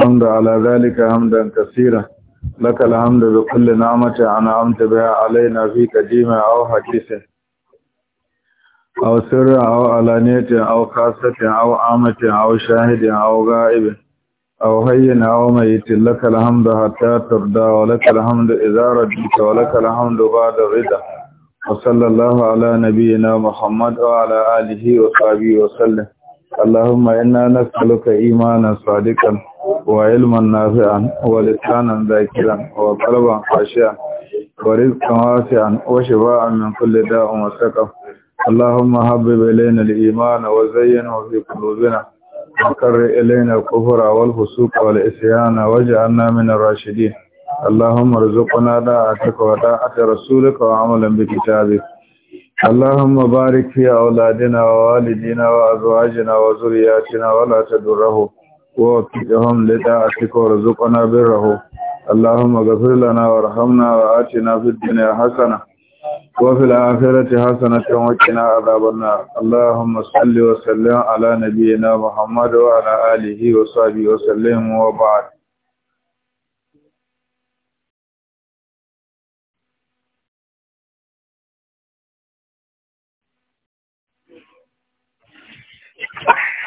الحمد على ذلك حمدا كثيرا لك الحمد بكل نعمة أنعمت بها علينا في قديمة أو حديثة أو سر أو علانية أو خاصة أو عامة أو شاهد أو غائب أو هين أو ميت لك الحمد حتى ترضى ولك الحمد إذا رضيت ولك الحمد بعد الرضا وصلى الله على نبينا محمد وعلى آله وصحبه وسلم اللهم إنا نسألك إيمانا صادقا وعلما نافعا ولسانا ذاكرا وقلبا خاشعا ورزقا واسعا وشفاء من كل داء وسقم اللهم حبب إلينا الإيمان وزينه في قلوبنا وكر إلينا الكفر والفسوق والإسيان واجعلنا من الراشدين اللهم ارزقنا داعتك وداعة رسولك وعملا بكتابك اللهم بارك في أولادنا ووالدنا وأزواجنا وزرياتنا ولا تدرهم ووفقهم لطاعتك ورزقنا بره اللهم اغفر لنا وارحمنا وآتنا في الدنيا حسنة وفي الآخرة حسنة وكنا عذاب النار اللهم صل وسلم على نبينا محمد وعلى آله وصحبه وسلم وبعد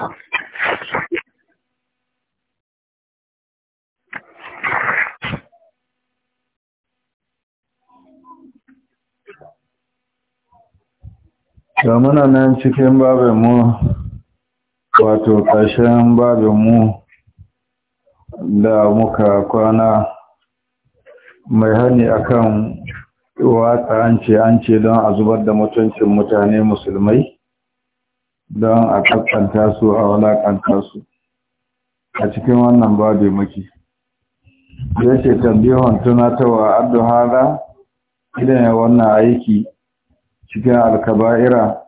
Thank you. da muna nan cikin babinmu wato ƙarshen babinmu da muka kwana mai hani akan watsa an ce an ce don a zubar da mutuncin mutane musulmai don a kaskanta su a walakanta su a cikin wannan babi maki ya ce tambihon tunatarwa abdu hada idan ya wannan aiki cikin alkaba'ira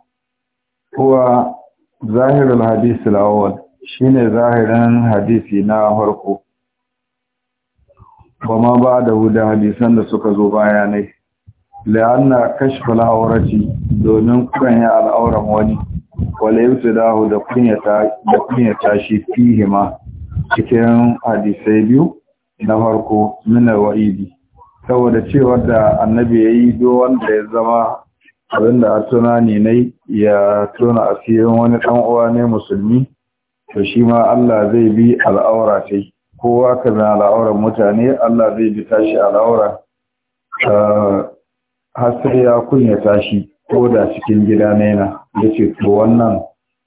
kuwa zahirin hadisi la'awar shi ne zahirin hadisi na harko ba ma ba da huda hadisan da suka zo bayanai la'anna kashfal aurati domin kunya al'auran wani wale yi da dahu da kunyata shi fi fihima cikin hadisai biyu na farko min wa'idi saboda cewar da annabi yayi do wanda ya zama abinda a tunani ne ya tona asirin wani ɗan uwa ne musulmi to shi ma Allah zai bi al'aura ce kowa ka zan al'auran mutane Allah zai bi tashi al'aura har sai ya kunya tashi ko da cikin gida na yana ya ce to wannan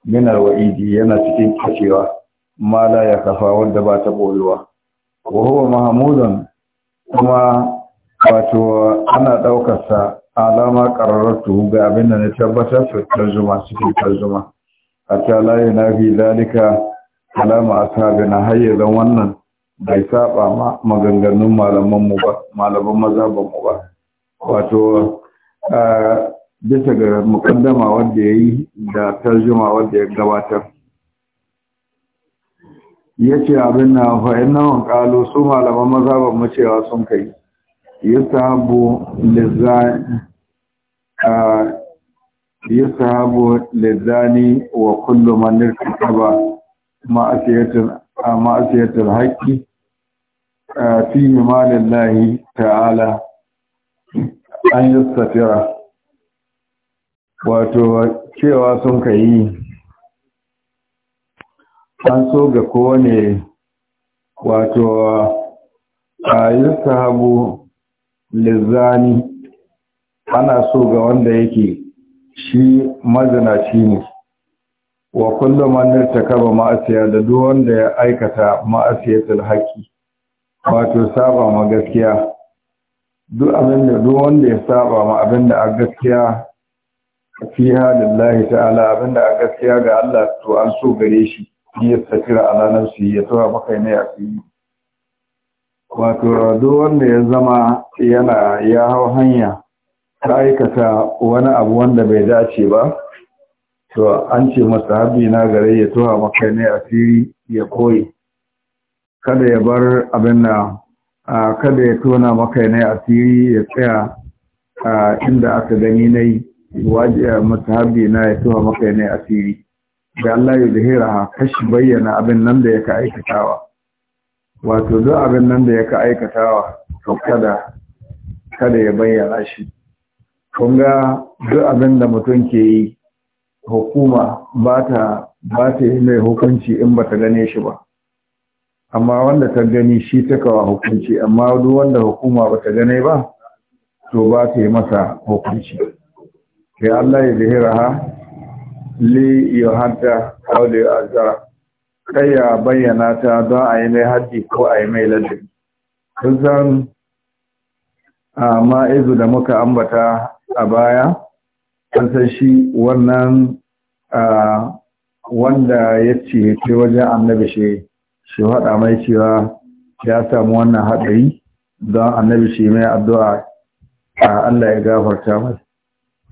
minar wa'idi yana cikin kacewa ma la ya kafa wanda ba ta ɓoyewa wa mahamudan kuma wato ana ɗaukarsa alama qarartu ga abin da na tabbatar fi tarjuma cikin a hatta na fi zalika a ashabina hayya zan wannan bai saba ma maganganun malaman mu ba malaman a mu ba wato bisa ga mukaddama wanda yi da tarjuma wanda ya gabatar ce abin na fa innahu qalu su malaman mazabanmu mu cewa sun kai yusabu lizani wa kullu man irtaba ma'asiyatul ma'asiyatul haqqi fi malillahi ta'ala an safira. wato cewa sun kai an so ga kowane wato a yi sahabu Lizani. ana so ga wanda yake shi mazinaci ne wa kullu man kaba ma'asiya da duk wanda ya aikata ma'asiyatul haqqi wato saba ma gaskiya duk abin da duk wanda ya saba ma abin a gaskiya fi halillahi ta'ala abin a gaskiya ga Allah to an so gare shi ya satira ala shi ya tura maka ne a fili wato duk wanda ya zama yana ya hau hanya ta aikata wani abu wanda bai dace ba to an ce masa habi na gare ya tuha maka ne asiri ya koyi kada ya bar abin na kada ya tona maka ne asiri ya tsaya inda aka gani na yi habi na ya tuha maka ne asiri ga Allah ya zahira kashi bayyana abin nan da ya ka aikatawa wato duk abin nan da ya ka aikatawa to kada kada ya bayyana shi kun ga duk abin da mutum ke yi hukuma ba ta ba ta yi mai hukunci in ba ta gane shi ba amma wanda ta gani shi ta kawa hukunci amma duk wanda hukuma ba ta gane ba to ba ta yi masa hukunci sai Allah ya zahira ha li yuhadda aw li azara kai ya bayyana ta don a yi mai haddi ko a yi mai ladabi kusan san a ma'izu da muka ambata a baya an san shi wannan wanda ya ce ke wajen annabi shi shi haɗa mai cewa ya samu wannan haɗari don annabi shi mai addu'a a Allah ya gafarta mai.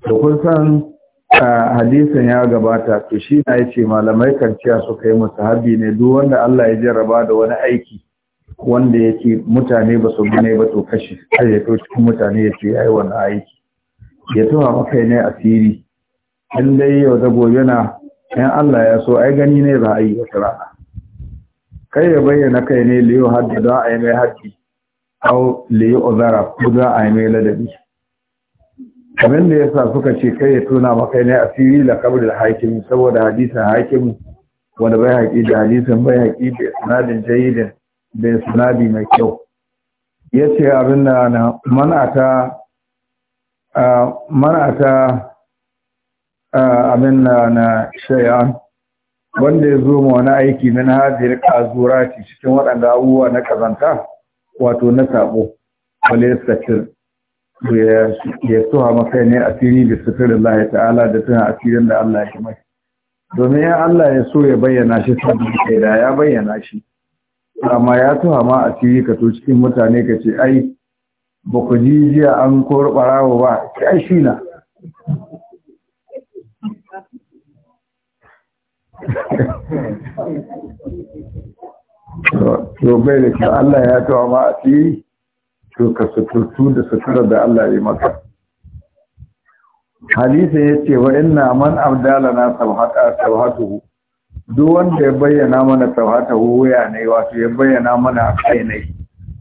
Da kun san hadisin ya gabata to shi na yace malamai kanciya suka yi harbi ne duk wanda Allah ya jarraba da wani aiki wanda yake mutane ba su gane ba to kashi sai ya to cikin mutane ya ce ai wannan aiki ya tuha kai ne asiri in dai yau da gobe na in Allah ya so ai gani ne za a yi wata rana kai ya bayyana kai ne liyo za a yi mai haddi au liyo uzara ko za a yi mai ladabi abin da yasa suka ce kai ya tona maka ne a da la kabril hakim saboda hadisin hakim wanda bai haƙi da hadisin bai haƙi da sunadin jayidin da sunadi mai kyau ya ce abin da na manata manata abin da na shay'an wanda ya zo ma wani aiki min hadir kazurati cikin waɗanda abubuwa na kazanta wato na sabo wale satir ya tuha masai ne a asiri da suturin Allah ya ta'ala da a asirin da Allah ya mai domin ya Allah ya so ya bayyana shi sabbi kai da ya bayyana shi amma ya tuha ma asiri ka to cikin mutane ka ce ai ba ku ji jiya an wa ba ki ai shi na to bai da Allah ya tuha ma asiri to ka suturtu da sutura da Allah ya maka hadisa ya ce wa inna man Abdala na sauhata sauhatu duk wanda ya bayyana mana sauhata wuya ne wato ya bayyana mana kai ne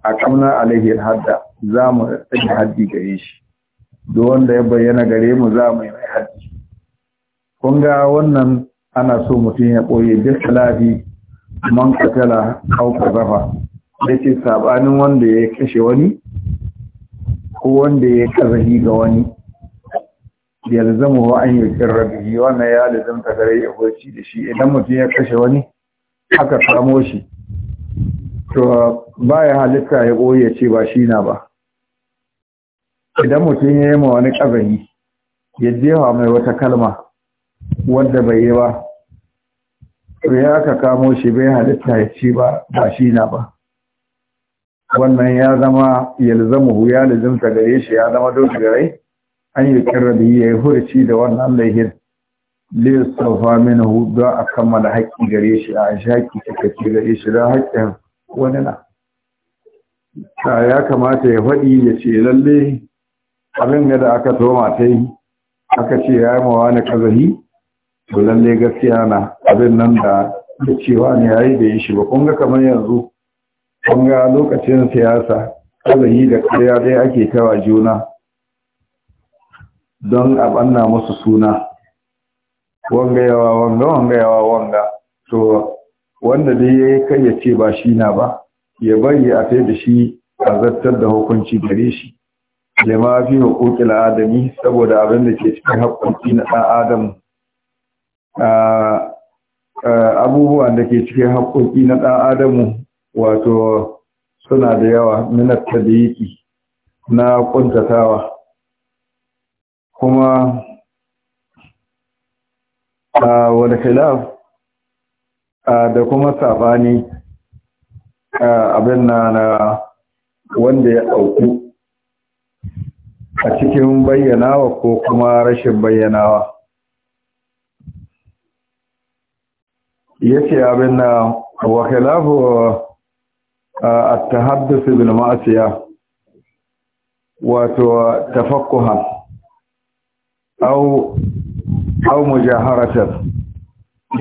a kamna alaihi hadda za mu yi haddi gare shi duk wanda ya bayyana gare mu za mu yi mai haddi kun ga wannan ana so mutum ya koyi duk salafi man katala au kazafa yace sabanin wanda ya kashe wani ko wanda ya kazahi ga wani ya yalzamu wa an yi rabbihi wannan ya lazamta gare ya goci da shi idan mutum ya kashe wani aka samo shi to baya halitta ya ya ce ba shi na ba idan mutum ya yi ma wani kazahi ya jefa mai wata kalma wanda bai yi ba to ya aka kamo shi bai halitta ya ce ba ba shi na ba wannan ya zama yalzamuhu ya lazimta gare shi ya zama dole gare an yi kirra da ya yi hurci da wannan laihin lissafa minhu don a kammala haƙƙi gare shi a shi haƙƙi cikakke gare shi don haƙƙin wani na ta ya kamata ya faɗi ya ce lalle abin da aka toma ta aka ce ya yi mawa kazahi to lalle gaskiya na abin nan da cewa ne ya yi da yi shi ba kun ga kamar yanzu kun ga lokacin siyasa ƙazayi da ƙarya dai ake kawa juna don a banna musu suna wanga yawa wanga wanga yawa wanga to wanda dai ya yi kai ya ce ba shi na ba ya bari a kai da shi a zartar da hukunci gare shi da ma fi hukukil adami saboda abin da ke cikin hukunci na ɗan adam abubuwan da ke cikin haƙƙoƙi na ɗan adamu wato suna da yawa da tadiki na kuntatawa kuma a wani filaf da kuma sabani abin na na wanda ya auku a cikin bayyanawa ko kuma rashin bayyanawa yake abin na wa khilafu التحدث tahaddusu bil ma'asiya wato tafakkuhan au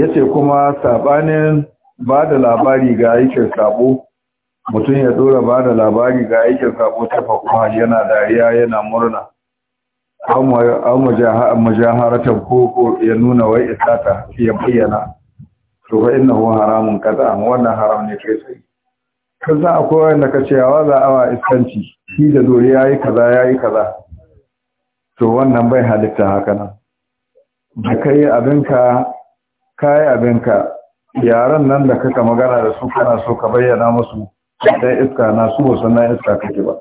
yace kuma sabanin ba da labari ga aikin sabo mutum ya dora ba da labari ga aikin sabo fakuwa yana dariya yana murna au mujaharatan ko ya nuna wai isata ya bayyana to fa innahu haramun kaza wannan haram ne kai tsaye kan akwai a koyar da ka ce za a wa iskanci shi da dore ya yi kaza ya yi kaza to wannan bai halitta haka nan da ka yi abinka ka yi abinka yaran nan da kaka magana da su kana so ka bayyana musu dai iska na su wasu na iska kake ba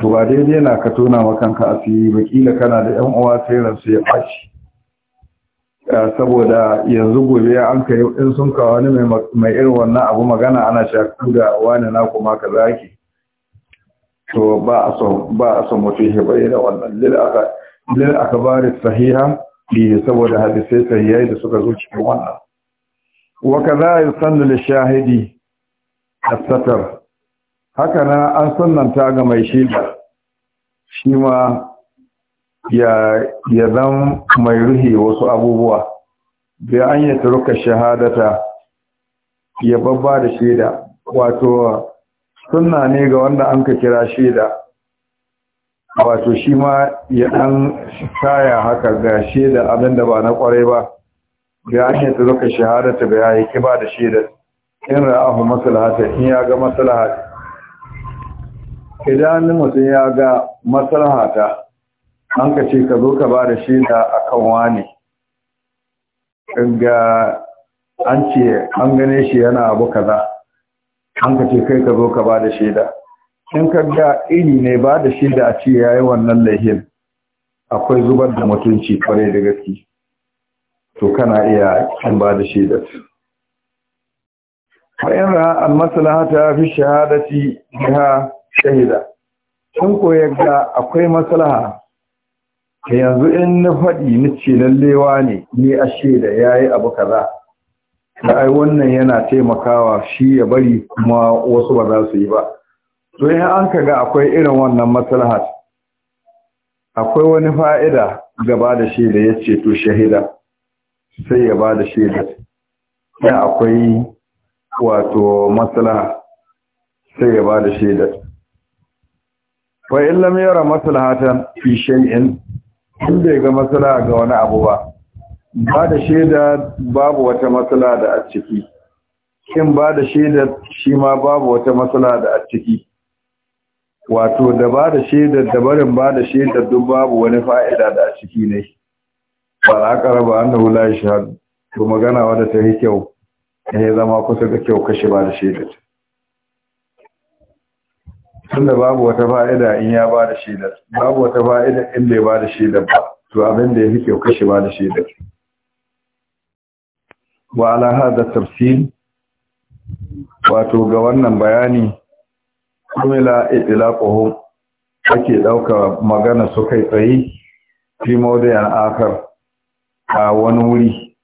to ba daidai na ka tona makanka asiri ba kana da yan uwa sai su ya ɓaci saboda yanzu gobe an kai in sun ka wani mai irin wannan abu magana ana shaku da wani na kuma ka zaki to ba a so ba a son ya bayyana wannan lil bari sahiha bi saboda hadisai sahihai da suka zo cikin wannan wa kaza yusannu lil shahidi as-satar haka na an sunnanta ga mai shida shi ma ya ya zan mai ruhi wasu abubuwa bi an ya turka shahadata ya babba da shaida wato sunna ne ga wanda an ka kira shaida wato shi ma ya ɗan kaya haka ga shaida abinda ba na ƙwarai ba an ake tsoka shahadata bai yi kiba da shaida in ra'ahu maslahata in ya ga maslahata idan mutum ya ga maslahata an ka ce ka zo ka ba da shaida akan wane ga an ce an gane shi yana abu kaza an ka kai ka zo ka ba da shaida in ka ga iri ne ba da shaida a ce ya yi wannan lahin akwai zubar da mutunci kwarai da gaske to kana iya kan ba da shaida bayan ra an maslahata fi shahadati biha shahida Sun koyar da akwai maslaha a yanzu in na faɗi na ce lallewa ne ni a da ya yi abu kaza da ai wannan yana taimakawa shi ya bari kuma wasu ba za su yi ba to in an ka ga akwai irin wannan maslahat akwai wani fa'ida gaba da shaida ya ce to shahida sai ya ba da shaida ya akwai wato maslaha sai ya ba da shaida wa illam yara maslahatan fi shay'in in bai ga matsala ga wani abu ba ba da shaida babu wata matsala da a ciki kin ba da shaidar shi ma babu wata matsala da a ciki wato da ba da shaidar da barin ba da shaidar duk babu wani fa'ida da a ciki ne ba za ka raba wula shi shahadu to magana wadda ta yi kyau ya zama kusa ga kyau kashe ba da shaidar tunda babu wata fa'ida in ya ba da shaidar babu wata fa'ida in bai ba da shaidar ba to abin da ya fi kyau kashe ba da shaidar wa ala hada tafsir wato ga wannan bayani kumila itlaquhum ake dauka magana su kai tsayi fi mawdi'an akar a wani wuri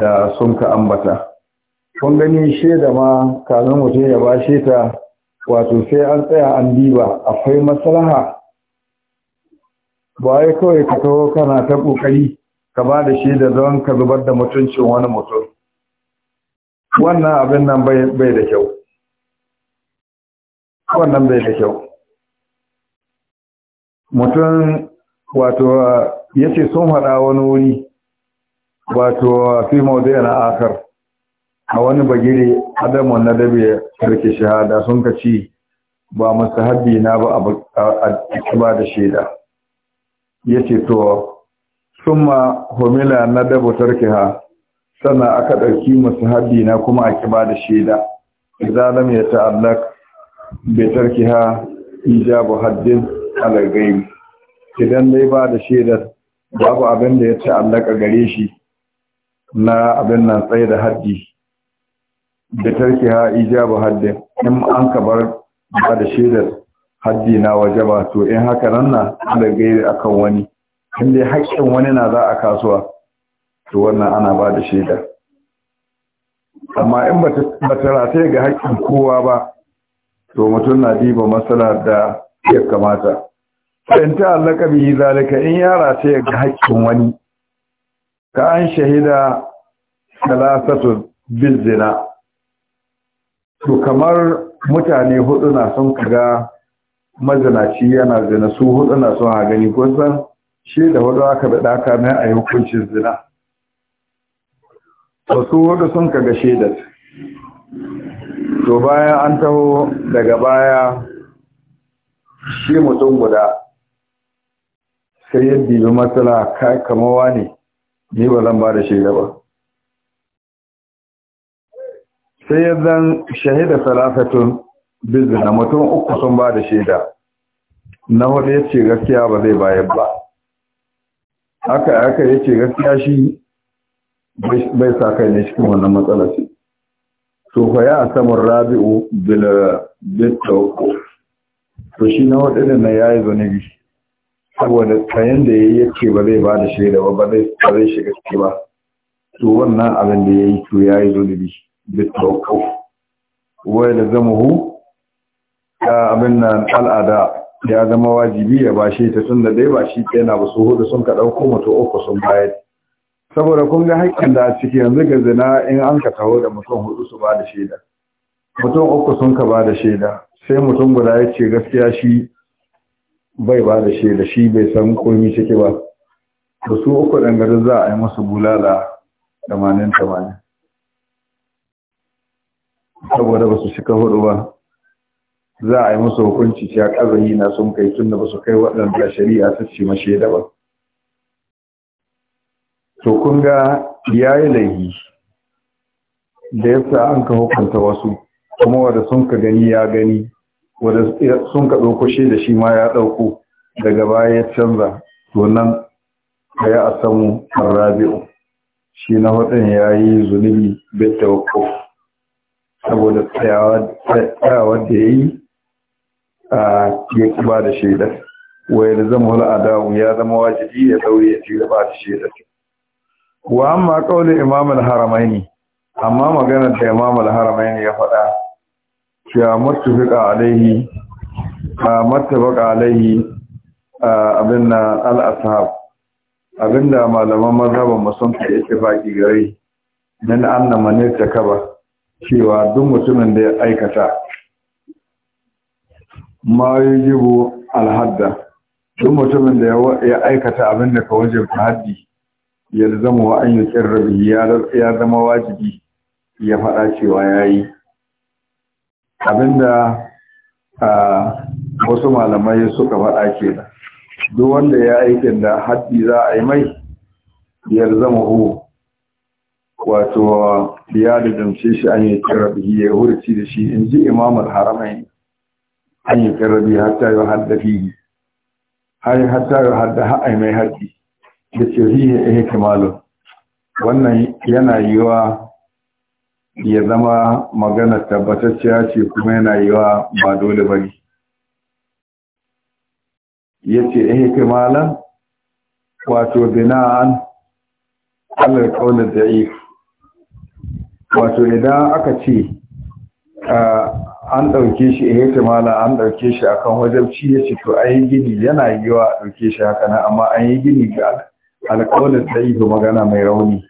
da sun ka ambata kun gani shaida ma kamin mutum ya bashe ta wato sai an tsaya an diba akwai maslaha ba ya kawai ka kawo kana ta kokari ka ba da shi da don ka zubar da mutuncin wani mutum wannan abin nan bai da kyau wannan bai da kyau mutum wato ya ce sun hada wani wuri wato fi maudu yana akar a wani bagire adamu na dabe sarki shahada sun ka ci ba mustahabbi na ba a ba da shaida ya ce to summa homila na sarki ha sannan aka ɗauki mustahabbi na kuma a kiba da shaida idza bai yata'allaq bi ha ijabu haddin ala ghaib idan dai ba da shaidar babu abin da ya ta'allaka gare shi na abin nan tsaye da haddi da tarki ha ijabu haddin in an ka bar ba da shaidar haddi na wajaba to in haka nan na da gairi akan wani in dai haƙƙin wani na za a kasuwa to wannan ana ba da shaida amma in ba ta rataye ga haƙƙin kowa ba to mutum na diba matsala da ya kamata in ta allaka bihi zalika in ya rataye ga haƙƙin wani ka an shahida salasatun bil zina to kamar mutane hudu na ka kaga mazinaci yana zina su hudu na son a gani kusan shi da hudu aka daka kamar a yi hukuncin zina wasu hudu sun kaga shaidar to bayan an taho daga baya shi mutum guda sai yadda yi matsala kai kamawa ne ni ba zan ba da shaida ba sai ya zan shahida salafatun bizina mutum uku sun ba da shaida na hudu ya ce gaskiya ba zai bayan ba aka aka ya ce gaskiya shi bai sa kai ne cikin wannan matsala ce to fa ya samun rabi'u bil bitawqu to shi na hudu da na yayi bi saboda tsayin da yi yake ba zai ba da shaida ba ba zai shiga ciki ba to wannan abin da ya yi to ya yi yayi zunubi بالتوقف ويلزمه abin nan al'ada ya zama wajibi ya bashe ta tun da dai ba shi yana ba su hudu sun ka ɗauko mutu uku sun bayar saboda kun ga haƙƙin da a ciki yanzu ga zina in an ka taho da mutum hudu su ba da shaida mutum uku sun ka ba da shaida sai mutum guda ya ce gaskiya shi bai ba da shaida shi bai san komi ciki ba da su uku ɗangare za a yi musu bulala tamanin tamanin saboda ba su shika hudu ba za a yi musu hukunci kaza yi na sun kai tun da ba su kai waɗanda shari'a ta ce mashe da ba to kun ga ya yi laihi da yasa an ka hukunta wasu kuma wadda sun ka gani ya gani wadda sun ka ɗaukushe da shi ma ya ɗauku daga baya ya canza to nan ka yi a samu rabi'u shi na hudun ya yi zunubi bai tawakkuf saboda tsayawa da ya yi a ya ki ba da shaidar wai da zama wani adawu ya zama wajibi ya daure ya ci gaba da shaidar wa amma kaulin imamul haramai haramaini amma maganar da imamul haramai haramaini ya faɗa cewa muttafaqa alaihi a muttafaqa alaihi abin na al-ashab abinda malaman mazhaban musulunci ya ce baki gare nan an ne ta kaba cewa duk mutumin da ya aikata ma yujibu alhadda duk mutumin da ya aikata abin da ka wajibta haddi ya zama wa an yi rabi ya zama wajibi ya faɗa cewa ya yi abinda wasu malamai suka faɗa ke da duk wanda ya aikin da haddi za a yi mai ya zama huwa wato ya da damshe shi an yi kira ya hurci da shi in ji imamul haramai an yi kira bihi hatta yau hadda fihi har hatta yau da ha'ai mai harki da ce fihi ya yi kimalu wannan yana wa ya zama magana tabbatacciya ce kuma yana yi wa ba dole ba ne ya ce ya eh, yi kimalan wato bina'an alal kaunar da'if wato idan aka ce an ɗauke shi a eh, yake mala an ɗauke shi a kan wajabci ya ce to an yi gini yana yiwa a ɗauke shi haka nan amma an yi gini ga alƙawalin ta yi magana mai rauni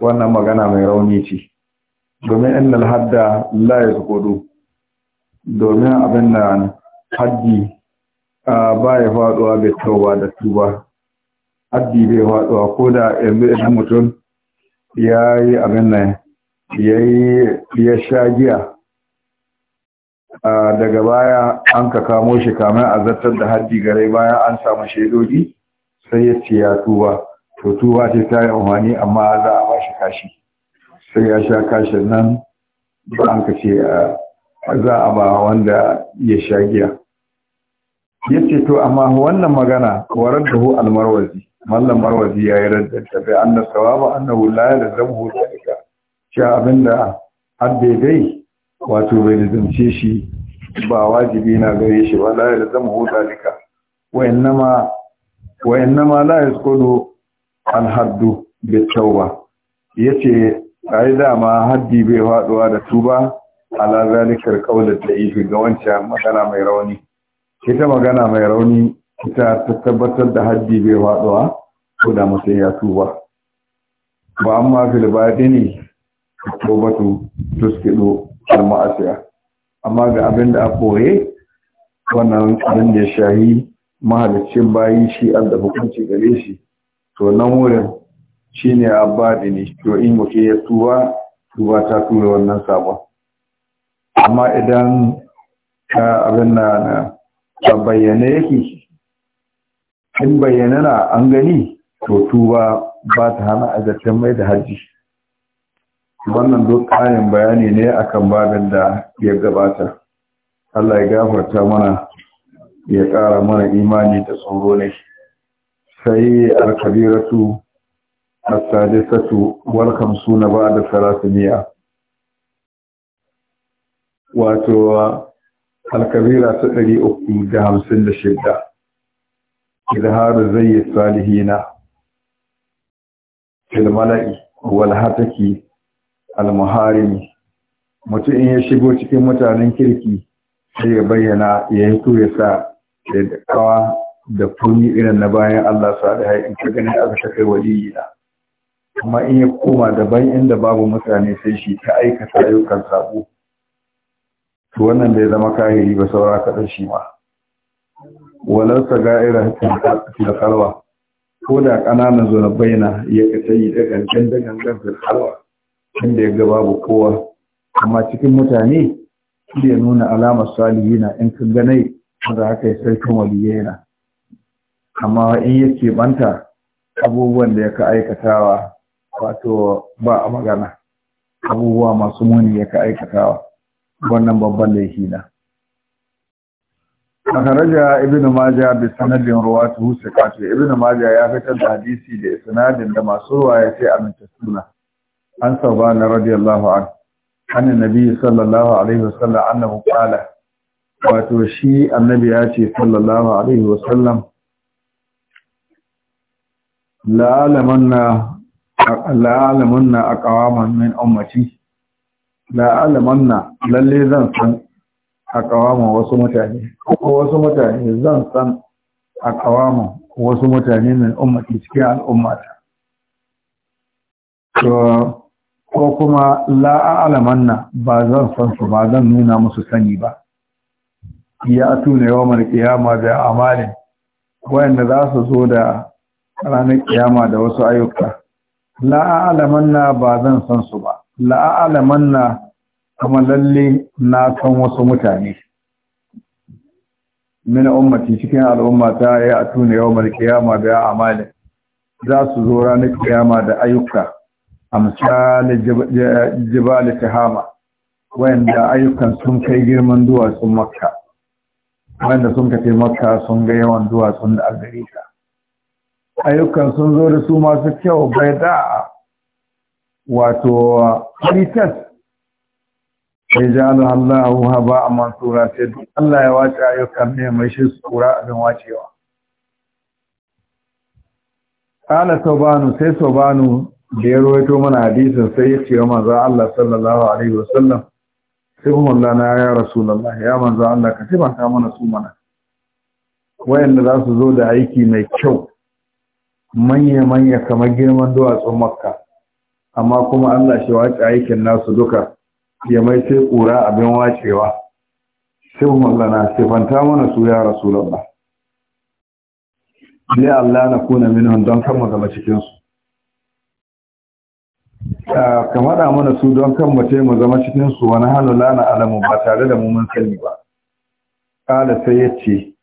wannan magana mai rauni ce domin innal hadda su yazqudu domin abin da haddi ba ya faɗuwa bai tauba da tuba haddi bai faɗuwa ko da yanzu idan mutum ya yi abin nan ya sha giya daga baya an ka kamo shi kamar a zartar da haddi gare bayan an samu shaidodi sai ya ce ya tuba to tuba ce ta yi amfani amma za a bashi kashi sai ya sha kashin nan ba an ka ce za a ba wanda ya sha giya ya ce to amma wannan magana warar da hu almarwazi mallam marwazi ya yi raddata bai an da an da hula ya da cewa abinda da daidai wato bai da zance shi ba wajibi na gare shi ba la zama hu dalika wa innama wa innama la yasqulu al haddu bi tauba yace ai dama haddi bai haɗuwa da tuba ala zalikar qawla ta'ifi ga wancan magana mai rauni ita magana mai rauni ita ta tabbatar da haddi bai haɗuwa ko da mutum ya tuba ba amma filibadi ne batu tuskido al amma ga abin da a boye wannan abin da shahi mahalicin bayi shi da hukunci gare shi to nan wurin shine abadi ne to in muke ya tuba tuba ta tura wannan sabon amma idan ka abin na na bayyana yake in bayyana na an gani to tuba ba ta hana a mai da hajji wannan duk ƙarin bayani ne akan babin da ya gabata Allah ya gafarta mana ya ƙara mana imani da tsoro ne sai alkabiratu as warkam suna ba ba'da salasiniya wato alkabira ta ɗari uku da hamsin da shidda izharu zai yi salihina fil walhataki al mutum in ya shigo cikin mutanen kirki sai ya bayyana ya yi ya sa da kawa da kuni irin na bayan Allah salihai in ka ganin aka ta waliyina kuma in ya koma da daban inda babu mutane sai shi ta aikata ayyukan sabo to wannan bai zama kahiri ba saura kaɗan shi ma ta sagaira da kalwa ko da ƙananan zuwa bayyana ya ka sayi da gangan da gangan da kalwa inda ya ga babu kowa amma cikin mutane shi ya nuna alamar na in kan ganai wanda haka ya sarkin waliyaina amma in yake banta abubuwan da ya ka aikatawa wato ba a magana abubuwa masu muni ya ka aikatawa wannan babban laifi na akaraja ibn maja bi sanadin ruwatu sakatu ibn maja ya fitar da hadisi da sanadin da masu ruwa ya ce aminta suna an saubana radiyallahu an hannun nabi sallallahu alaihi wasallam annahu kala wato shi annabi ya ce sallallahu alaihi wasallam la'alamanna a kawaman min ummaci la'alamanna lalle zan san a kawaman wasu mutane ko wasu mutane zan san a kawaman wasu mutane min ummaci cikin al'ummata ko kuma la'alamanna ba zan san su ba zan nuna musu sani ba ya tuna yawon kiyama da amalin wayanda za su zo da ranar kiyama da wasu ayyuka la'alamanna ba zan san su ba la'alamanna kuma lalle na san wasu mutane min ummati cikin al'umma ta ya tuna yawon kiyama da amalin za su zo ranar kiyama da ayyuka amsal jibal tahama wanda ayyukan sun kai girman duwatsun makka wanda sun kace makka sun ga yawan duwatsun da algarika ayyukan sun zo da su masu kyau bai da wato haritas sai ji alhallahu haba a sura sai duk allah ya wace ayyukan ne mai shi su kura abin wacewa ƙala sobanu sai sobanu da ya rawaito mana hadisin sai ya ce wa manzo Allah sallallahu alaihi wasallam sai mun lana ya rasulullahi ya manzo Allah ka taimaka mana su mana wayanda za su zo da aiki mai kyau manya manya kamar girman duwatsun makka amma kuma Allah shi wace aikin nasu duka ya mai sai kura abin wacewa sai mun lana sifanta mana su ya rasulullahi li Allah na kuna minhum don kama mu cikin su ka faɗa mana su don kan mace mu zama cikin su wani halin lana alamu ba tare da mu mun sani ba kala sai ya ce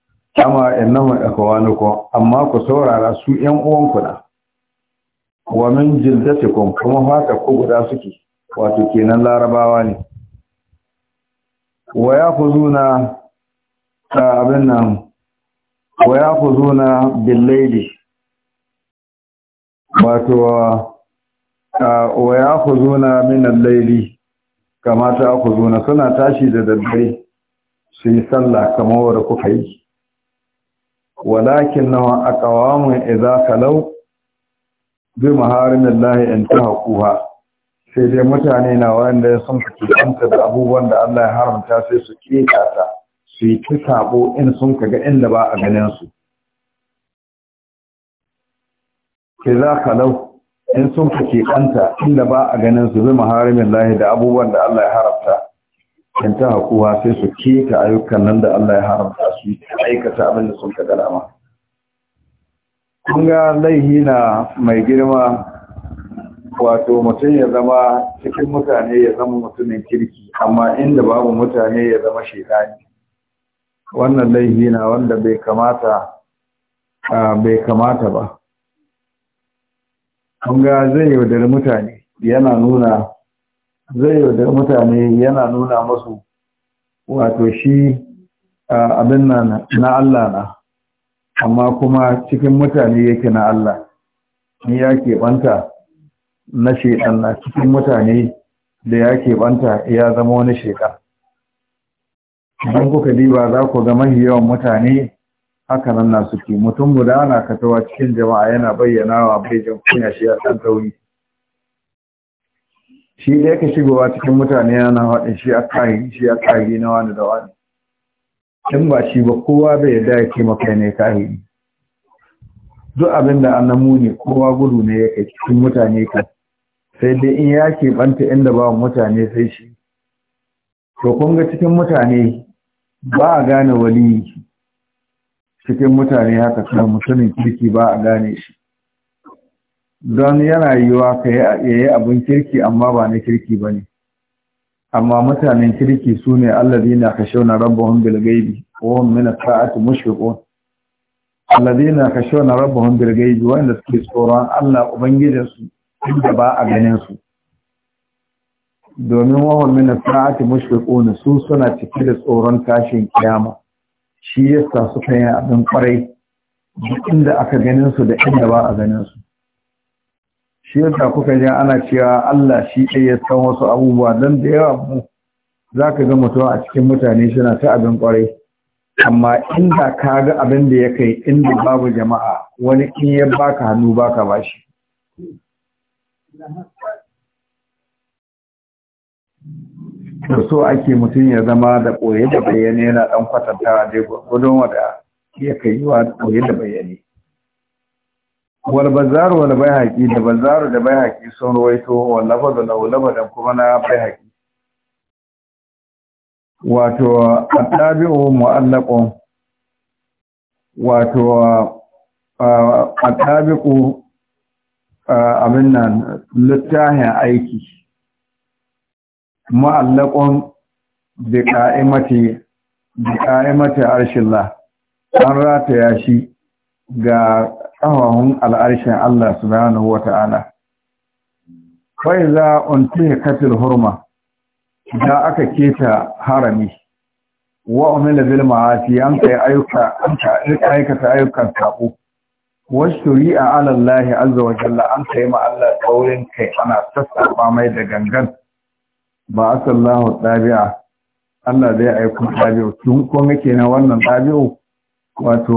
amma innahu ikhwanukum amma ku saurara su uwan uwanku na wa min jildatikum kuma haka ku guda suke wato kenan larabawa ne wa ta abin nan wa yafuzuna bil wato wa ya ku zuna minan laili kama ta ku zuna suna tashi da daddare su yi sallah kamar wadda kuka yi walakin nawa a kawamun iza kalau bi maharimin lahi in ta haƙuha sai dai mutane na wanda ya sun fi da abubuwan da Allah ya haramta sai su ƙeta ta su yi ta sabo in sun kaga inda ba a ganin su. Ke za ka lau in sun fice kanta inda ba a ganin su zama harimin lahi da abubuwan da Allah ya haramta in ta hakuwa sai su keta ayyukan nan da Allah ya haramta su yi aikata abin sun ka galama. kunga ga laihi na mai girma wato mutum ya zama cikin mutane ya zama mutumin kirki amma inda babu mutane ya zama shekani. wannan laihi na wanda bai bai kamata ba kunga zai yaudari mutane yana nuna zai yaudari mutane yana nuna masu wato shi abin na na Allah na amma kuma cikin mutane yake na Allah ni ya keɓanta na shekan na cikin mutane da ya keɓanta ya zama wani shekan don kuka diba za ku ga mahi yawan mutane haka nan na suke mutum guda ana katawa cikin jama'a yana bayyana wa bai jin kunya shi a kan tauri shi da yake shigowa cikin mutane yana haɗin shi a kari shi a kari na wani da wani in ba shi ba kowa bai yarda ya ke maka ne kari duk abin da an namu ne kowa gudu ne ya kai cikin mutane ka sai dai in ya banta inda ba mutane sai shi to kun ga cikin mutane ba a gane waliyi cikin mutane haka kan mutumin kirki ba a gane shi don yana yiwa ka yi abin kirki amma ba na kirki ba ne amma mutanen kirki su ne allazina na rabbahum bil ghaibi wa hum mina sa'atu mushriko allazi na khashawna na bil ghaibi wanda suke tsoron Allah ubangijinsu inda ba a ganin su domin wa mina sa'atu mushriko ne su suna cike da tsoron tashin kiyama shi sa suka yi abin kwarai inda aka ganin su da inda ba a ganin su shi sa kuka ji ana cewa Allah shi ɗaya ya san wasu abubuwa don da yawa mu za ka ga mutuwa a cikin mutane suna ta abin kwarai amma inda ka ga abin da ya kai inda babu jama'a wani in ya baka hannu baka bashi da so ake mutum ya zama da ɓoye da bayyane yana ɗan kwatantawa dai gudun wada ya kai wa ɓoye da bayyane wal bazaru wal haƙi da bazaru da bai haƙi sun ruwaito wal lafadu lahu lafadan kuma na bai haƙi. wato attabi'u mu'allaqun wato attabi'u abin nan littafin aiki Ma'allakon da qa'imati bi an rataya shi ga ƙahahun al'arshin Allah subhanahu wa wata’ala. Kwai za untuhe katil hurma, da aka keta harami, wa umila bil ma'afi an ka aikata ayyukan saƙo, wasu turi a alallahi azza jalla an ka yi ma'allar kai ana sassaɓa mai da gangan ba a sallahu ɗabi'a Allah zai aiko ɗabi'u tun ko ke na wannan ɗabi'u wato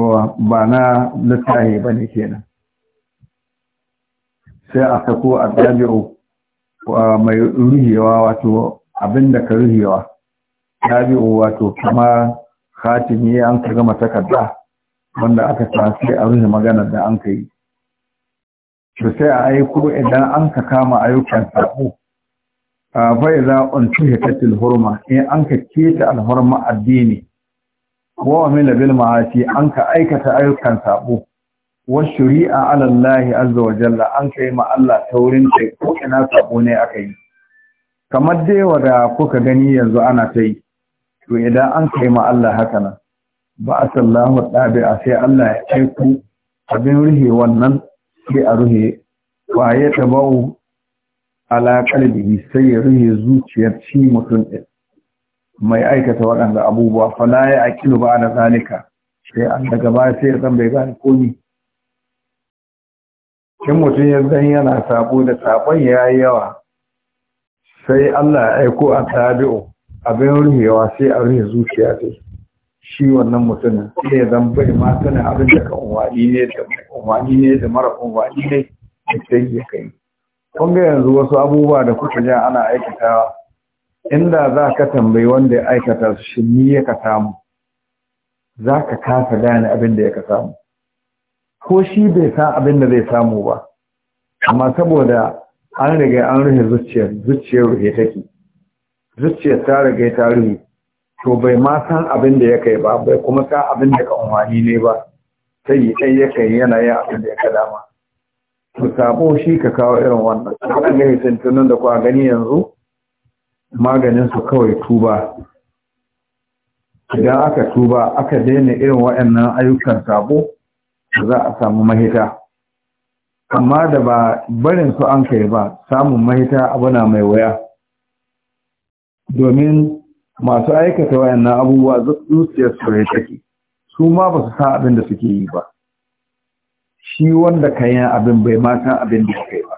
ba na littahi ba ne kenan sai a sako a tabi'u mai ruhewa wato abinda ka ruhewa ɗabi'u wato kama khatimi an ka gama takarda wanda aka sai a ruhe magana da an ka yi sai a aiko idan an ka kama ayyukan sako fa idza untihat al hurma in an ka keta al hurma addini wa amila bil ma'asi an ka aikata ayyukan sabo wa shari'a ala Allah azza wa jalla an kai ma Allah taurin kai ko ina sabo ne akai kamar dai wada kuka gani yanzu ana ta yi to idan an kai ma Allah haka nan ba a sallahu ɗabi'a sai Allah ya aiku abin ruhe wannan sai a ruhe waye tabau ala sai ya rihe zuciyar ci mutum ɗin mai aikata waɗanda abubuwa fana ya aqilu ba da zalika sai an daga ba sai ya zan bai gane komi in mutum ya zan yana sabo da sabon yi yawa sai Allah ya aiko a tabi'o abin ruhewa sai a ruhe zuciya ce. shi wannan mutumin sai zan bai ma sanin abin da ka umarni ne da mara umarni ne da sai ya kai kun ga yanzu wasu abubuwa da kuka ja ana aikatawa inda za ka tambayi wanda ya aikata su shi ni ya ka samu za ka kasa gane abin da ya ka samu ko shi bai san abin da zai samu ba amma saboda an riga an rufe zuciyar zuciyar rufe take zuciyar ta riga ta rufe to bai ma san abin da ya kai ba bai kuma san abin da ka umarni ne ba sai yi kai yana yin abin da ya ka dama ka kamo shi ka kawo irin wannan wannan gani tuntunan da kuwa gani yanzu maganin su kawai tuba idan aka tuba aka daina irin waɗannan ayyukan sabo za a samu mahita amma da ba barin su an kai ba samun mahita abu na mai waya domin masu aikata wayannan abubuwa zuciyar su rai take su ma ba su san abin da suke yi ba shi wanda ka yi abin bai mata abin da kai ba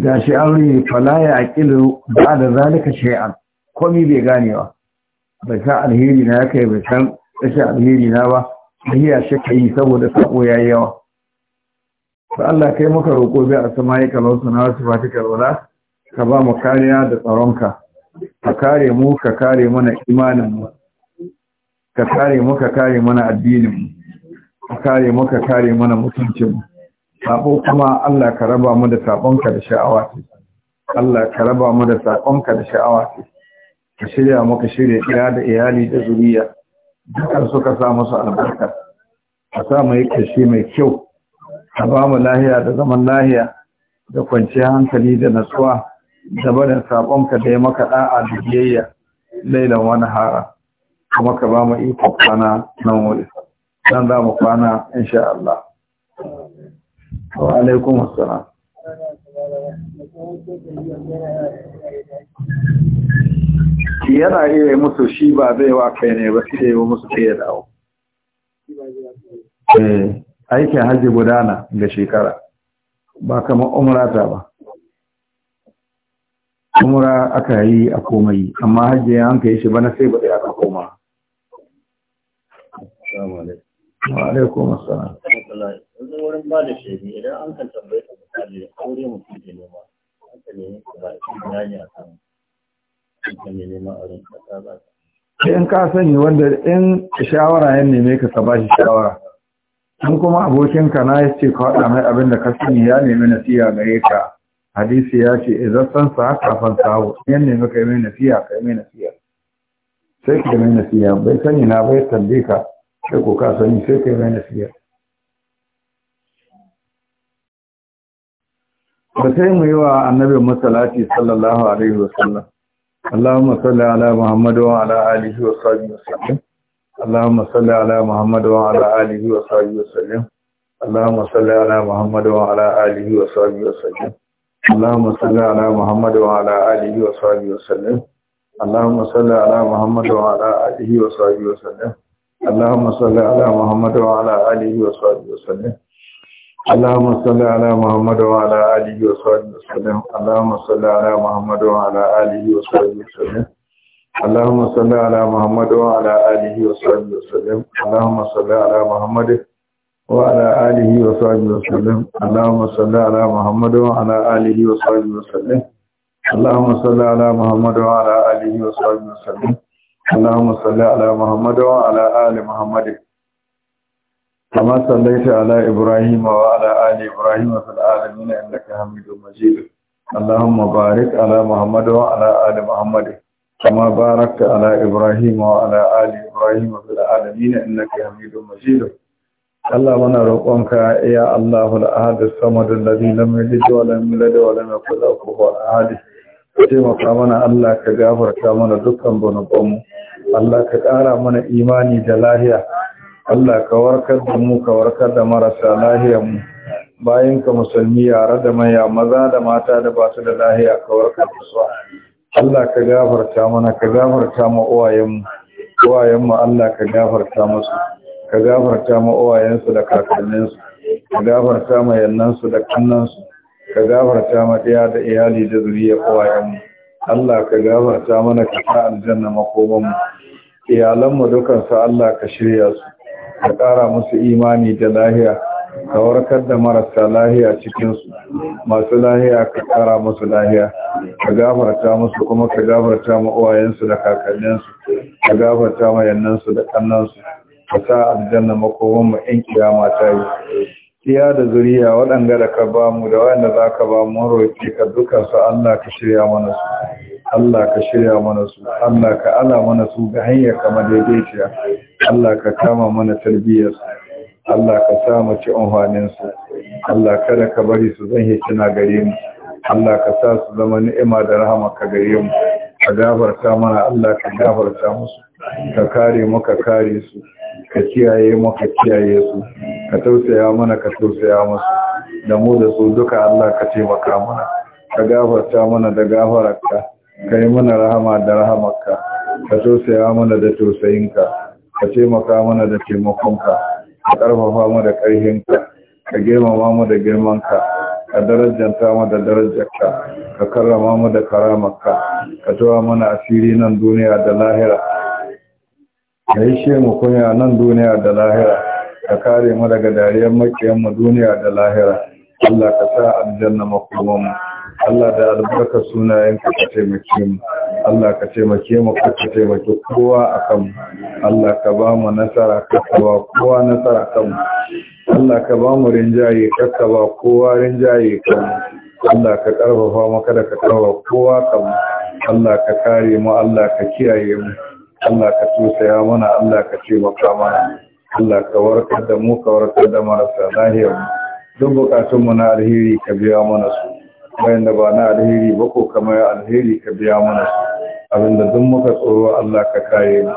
da shi an rini falaya a ƙilu ba da zalika shay'an komi bai ganewa bai san alheri na ya kai bai san rashin alheri na ba tahiya shi ka yi saboda sako ya yi yawa Ba Allah kai maka roƙo bai a sama na wasu ba ta ka ba mu kariya da tsaronka ka kare mu ka kare mana imanin ka kare mu ka kare mana addinin mu ka kare mu kare mana mutuncin sabo kuma Allah ka raba mu da sabonka da sha'awa Allah ka raba mu da sabonka da sha'awa ka shirya maka shirya iya da iyali da zuriya dukkan suka sa musu albarka ka sa mu yi kashi mai kyau ka ba mu lahiya da zaman lahiya da kwanciyar hankali da natsuwa da barin sabonka da ya maka da'a da biyayya lailan wani hara kuma ka ba mu iko kwana nan wurin nan za mu kwana insha Allah wa alaikum assalam yana iya musu shi ba zai wa kai ne ba sai wa musu kai ya dawo eh, aikin hajji gudana da shekara ba kamar umrata ba umra aka yi a komai amma hajji an ka shi bana sai ba sai aka koma Assalamu alaikum. wa alaikum assalam wurin ba da idan an kan tambaye ka nema a kan kasa ba in ka sani wanda in shawara ya neme ka ka bashi shawara in kuma abokinka na ya ce ka faɗa mai abin da ka sani ya nemi nasiya gare ka hadisi ya ce idan san sa kafan sawo yan nemi ka yi mai nasiya ka yi mai nasiya sai ka yi mai nasiya bai sani na bai tambaye ka sai ko ka sani sai yi minus biyar ba sai mu yi wa annabi masalati sallallahu alaihi wasallam Allahumma salli ala Muhammad wa ala alihi wa sahbihi wasallam Allahumma salli ala Muhammad wa ala alihi wa sahbihi wasallam Allahumma salli ala Muhammad wa ala alihi wa sahbihi wasallam اللهم صل على محمد وعلى آله وصحبه وسلم اللهم صل على محمد وعلى آله وصحبه وسلم اللهم صل على محمد وعلى اله وصحبه وسلم اللهم صل على محمد وعلى اله وصحبه وسلم اللهم صل على محمد وعلى اله وصحبه وسلم اللهم صل على محمد وعلى اله وصحبه وسلم اللهم صل على محمد وعلى اله وصحبه وسلم اللهم صل على محمد وعلى اله وصحبه وسلم اللهم صل على محمد وعلى اله وصحبه وسلم اللهم صل على محمد وعلى آل محمد كما صليت على إبراهيم وعلى آل إبراهيم في العالمين إنك حميد مجيد اللهم بارك على محمد وعلى آل محمد كما باركت على إبراهيم وعلى آل إبراهيم في العالمين إنك حميد مجيد اللهم نرقمك يا الله الأحد الصمد الذي لم يلد ولم يولد ولم يكن له كفوا أحد taimaka mana Allah ka gafarta mana dukkan mu Allah ka ƙara mana imani da lahiya Allah ka warkar da mu ka warkar da marasa lahiyanmu. mu bayan ka musulmi yare da maya maza da mata da ba su da lahiya ka warkar da su Allah ka gafarta mana ka gafarta ma uwayenmu uwayenmu Allah ka gafarta musu ka gafarta ma uwayensu da kakanninsu ka gafarta ma yannansu da kannansu ka gafarta ma ɗaya da iyali da zuriya uwayenmu Allah ka gafarta mana ka sa aljanna makomanmu iyalanmu dukansu Allah ka shirya su ka ƙara musu imani da lahiya ka warkar da marasa lahiya cikinsu masu lahiya ka ƙara musu lahiya ka gafarta musu kuma ka gafarta ma'uwayensu da kakanninsu ka gafarta mayannansu da ƙannansu ka sa aljanna makomanmu in kiyama ta yi iya da zuriya waɗanda da ka ba mu da waɗanda za ka ba mu roƙi ka dukansu Allah ka shirya mana su Allah ka shirya mana su Allah ka ala mana su ga hanyar kama daidaiciya Allah ka kama mana tarbiyyar su Allah ka sa mu ci amfanin su Allah kada ka bari su zan hikina gare mu Allah ka sa su zama ni'ima da rahama ka gare mu ka gafarta mana Allah ka gafarta musu ka kare mu ka kare su ka kiyaye mu ka kiyaye su ka tausaya mana ka tausaya musu da mu da su duka Allah ka taimaka mana ka gafarta mana da gafararka ka yi mana rahama da rahamarka ka tausaya mana da tausayinka ka taimaka mana da taimakonka ka ƙarfafa mu da ƙarhinka ka girmama mu da girmanka ka darajanta mu da darajarka ka karrama mu da karamarka ka tawa mana asiri nan duniya da lahira ka yi shi mu kunya nan duniya da lahira ka kare mu daga dariyar makiyan mu duniya da lahira Allah ka sa aljanna makomanmu Allah da albarka sunayen ka ka taimake mu Allah ka taimake mu ka taimake kowa akan Allah ka ba mu nasara ka ba kowa nasara kan Allah ka ba mu rinjaye ka ba kowa rinjaye kan Allah ka karfafa mu kada ka kawo kowa kan Allah ka kare mu Allah ka kiyaye mu Allah ka tusaya mana Allah ka taimaka mana Allah ka warkar da mu ka warkar da marasa lahiyar duk bukatunmu na alheri ka biya mana su da ba na alheri ba ko kamar alheri ka biya mana su abinda duk muka tsoro Allah ka kare mu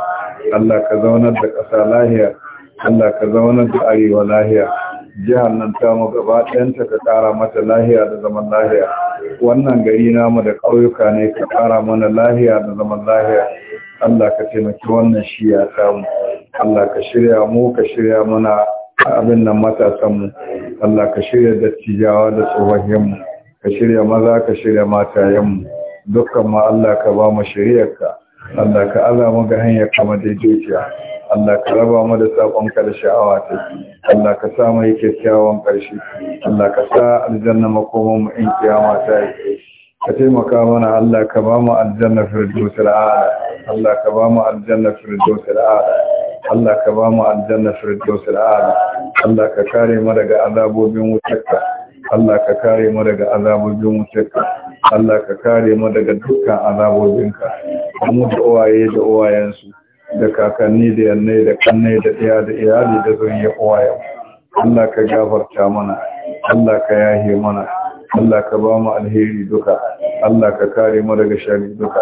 Allah ka zaunar da ƙasa lahiya Allah ka zaunar da arewa lahiya jihar nan ta mu gaba ɗayanta ka ƙara mata lahiya da zaman lahiya wannan gari namu da ƙauyuka ne ka ƙara mana lahiya da zaman lahiya Allah ka taimaki wannan shi ta mu Allah ka shirya mu ka shirya mana abin nan matasan mu Allah ka shirya dattijawa da tsohon mu ka shirya maza ka shirya matayenmu dukkan ma Allah ka ba mu shiriyarka Allah ka alamu ga hanyar kama daidaiciya Allah ka raba mu da sabonka da sha'awa ta Allah ka sa mu yi kyakkyawan ƙarshe Allah ka sa aljanna makoman mu in kiyama ta yi ka taimaka mana Allah ka ba mu aljanna firdaus al'ala Allah ka ba mu aljanna firdaus al'ala Allah ka ba mu aljanna firdaus al'ala Allah ka kare mu daga azabobin wutarka Allah ka kare mu daga azabobin wutarka Allah ka kare mu daga dukkan azabobinka mu da uwaye da uwayensu da kakanni da yannai da kannai da ɗaya da iyali da zuriya uwayen Allah ka gafarta mana Allah ka yahe mana Allah ka ba mu alheri duka Allah ka kare mu daga sharri duka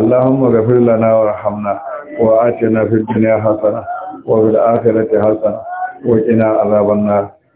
اللهم اغفر لنا وارحمنا وآتنا في الدنيا حسنة وفي الآخرة حسنة وقنا عذاب النار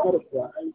Thank you.